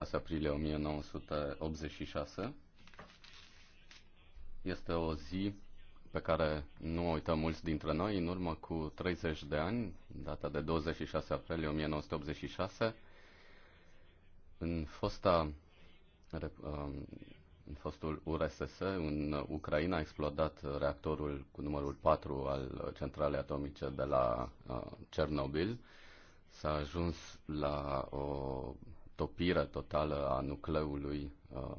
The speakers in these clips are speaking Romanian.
6 aprilie 1986. Este o zi pe care nu o uităm mulți dintre noi. În urmă cu 30 de ani, data de 26 aprilie 1986, în fosta um, în fostul URSS, în Ucraina, a explodat reactorul cu numărul 4 al centralei atomice de la uh, Cernobil. S-a ajuns la o topire totală a nucleului uh,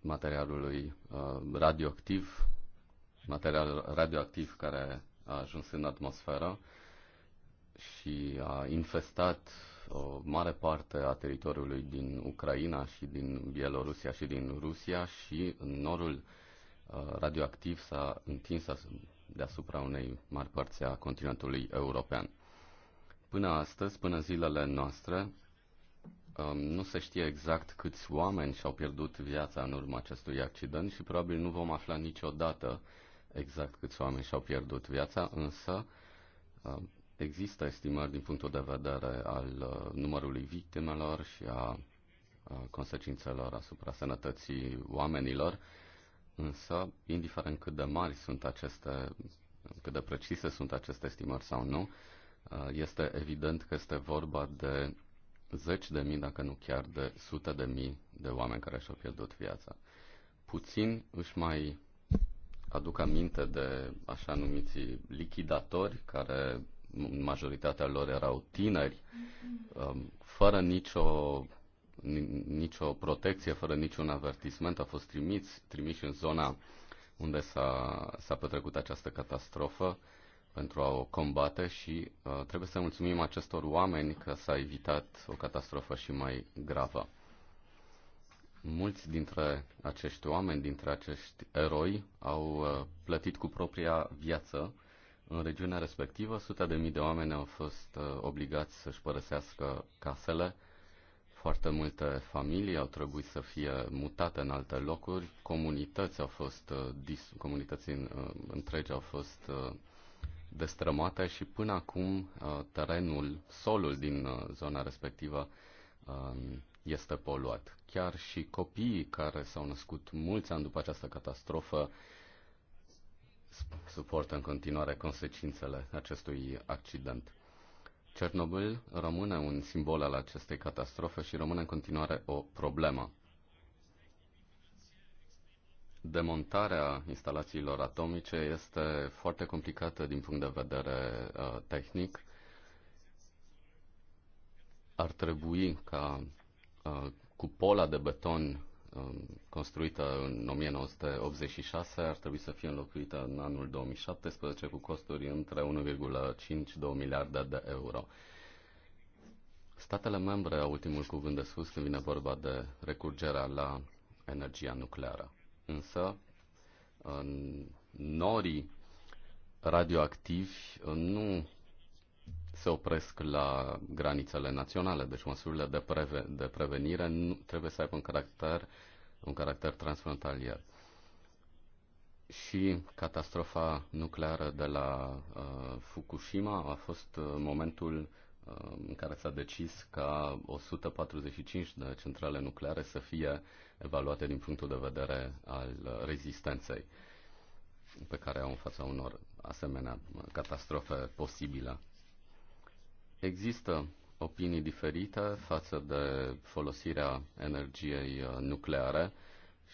materialului uh, radioactiv, material radioactiv care a ajuns în atmosferă și a infestat o mare parte a teritoriului din Ucraina și din Bielorusia și din Rusia și în norul uh, radioactiv s-a întins deasupra unei mari părți a continentului european. Până astăzi, până zilele noastre, um, nu se știe exact câți oameni și-au pierdut viața în urma acestui accident și probabil nu vom afla niciodată exact câți oameni și-au pierdut viața, însă um, există estimări din punctul de vedere al uh, numărului victimelor și a uh, consecințelor asupra sănătății oamenilor, însă, indiferent cât de mari sunt aceste, cât de precise sunt aceste estimări sau nu, Uh, este evident că este vorba de zeci de mii, dacă nu chiar de sute de mii de oameni care și-au pierdut viața. Puțin își mai aduc aminte de așa numiți lichidatori, care majoritatea lor erau tineri, um, fără nicio, nicio protecție, fără niciun avertisment, au fost trimiți, trimiși în zona unde s-a, s-a petrecut această catastrofă pentru a o combate și uh, trebuie să mulțumim acestor oameni că s-a evitat o catastrofă și mai gravă. Mulți dintre acești oameni, dintre acești eroi, au uh, plătit cu propria viață în regiunea respectivă. Sute de mii de oameni au fost uh, obligați să-și părăsească casele. Foarte multe familii au trebuit să fie mutate în alte locuri. Comunități au fost, uh, dis- comunități în, uh, întregi au fost uh, destrămată și până acum uh, terenul, solul din uh, zona respectivă um, este poluat. Chiar și copiii care s-au născut mulți ani după această catastrofă suportă în continuare consecințele acestui accident. Cernobâl rămâne un simbol al acestei catastrofe și rămâne în continuare o problemă. Demontarea instalațiilor atomice este foarte complicată din punct de vedere uh, tehnic. Ar trebui ca uh, cupola de beton uh, construită în 1986 ar trebui să fie înlocuită în anul 2017 cu costuri între 1,5-2 miliarde de euro. Statele membre au ultimul cuvânt de spus când vine vorba de recurgerea la energia nucleară însă norii radioactivi nu se opresc la granițele naționale, deci măsurile de, preve- de prevenire nu, trebuie să aibă un caracter, un caracter transfrontalier. Și catastrofa nucleară de la uh, Fukushima a fost uh, momentul Um, în care s-a decis ca 145 de centrale nucleare să fie evaluate din punctul de vedere al rezistenței pe care au în fața unor asemenea catastrofe posibile. Există opinii diferite față de folosirea energiei nucleare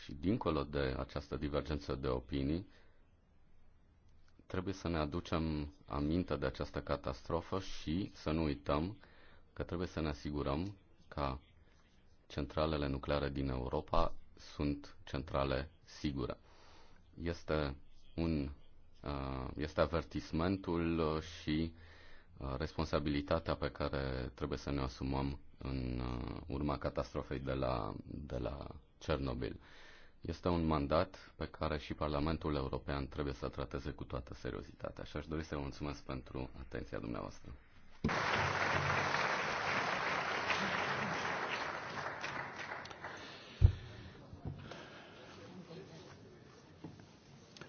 și dincolo de această divergență de opinii, Trebuie să ne aducem aminte de această catastrofă și să nu uităm că trebuie să ne asigurăm că centralele nucleare din Europa sunt centrale sigure. Este un uh, este avertismentul și uh, responsabilitatea pe care trebuie să ne asumăm în uh, urma catastrofei de la, de la Cernobil. Este un mandat pe care și Parlamentul European trebuie să trateze cu toată seriozitatea și aș dori să vă mulțumesc pentru atenția dumneavoastră.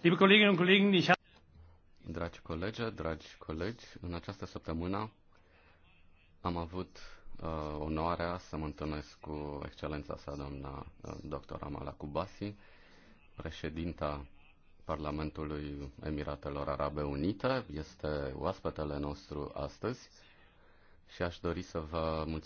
Liebe Kolleginnen und Kollegen, ich Dragi colegi, dragi colegi, în această săptămână am avut uh, onoarea să mă întâlnesc cu excelența sa, doamna uh, dr. Amala Kubasi, președinta Parlamentului Emiratelor Arabe Unite. Este oaspetele nostru astăzi și aș dori să vă mulțumesc